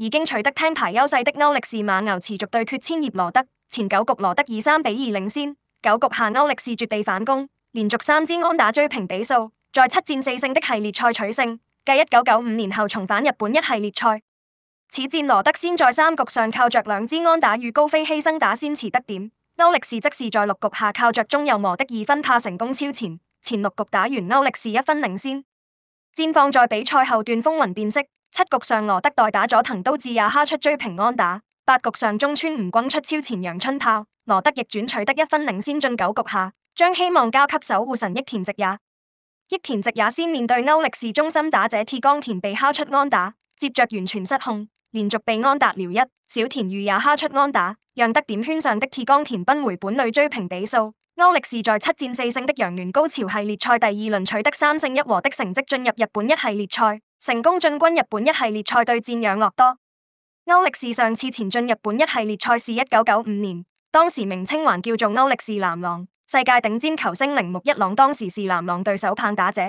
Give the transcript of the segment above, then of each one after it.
已經取得聽牌優勢的歐力士猛牛持續對決千葉羅德，前九局羅德以三比二領先，九局下歐力士絕地反攻，連續三支安打追平比數，在七戰四勝的系列賽取勝，繼一九九五年後重返日本一系列賽。此戰羅德先在三局上靠着兩支安打與高飛犧牲打先持得點，歐力士則是在六局下靠着中右磨的二分炮成功超前，前六局打完歐力士一分領先，戰況在比賽後段風雲變色。七局上羅德代打佐藤都智也敲出追平安打，八局上中村吳君出超前陽春炮，羅德逆轉取得一分領先。進九局下，將希望交給守護神益田直也。益田直也先面對歐力士中心打者鐵岡田被敲出安打，接着完全失控，連續被安達遼一小田裕也敲出安打，讓得點圈上的鐵岡田奔回本壘追平比數。歐力士在七戰四勝的洋聯高潮系列賽第二輪取得三勝一和的成績，進入日本一系列賽，成功進軍日本一系列賽對戰養樂多。歐力士上次前進日本一系列賽是一九九五年，當時名稱還叫做歐力士藍狼，世界頂尖球星鈴木一朗當時是藍狼對手棒打者。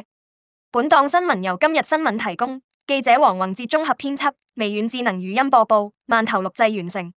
本檔新聞由今日新聞提供，記者黃宏哲綜合編輯，微軟智能語音播報，饅頭錄製完成。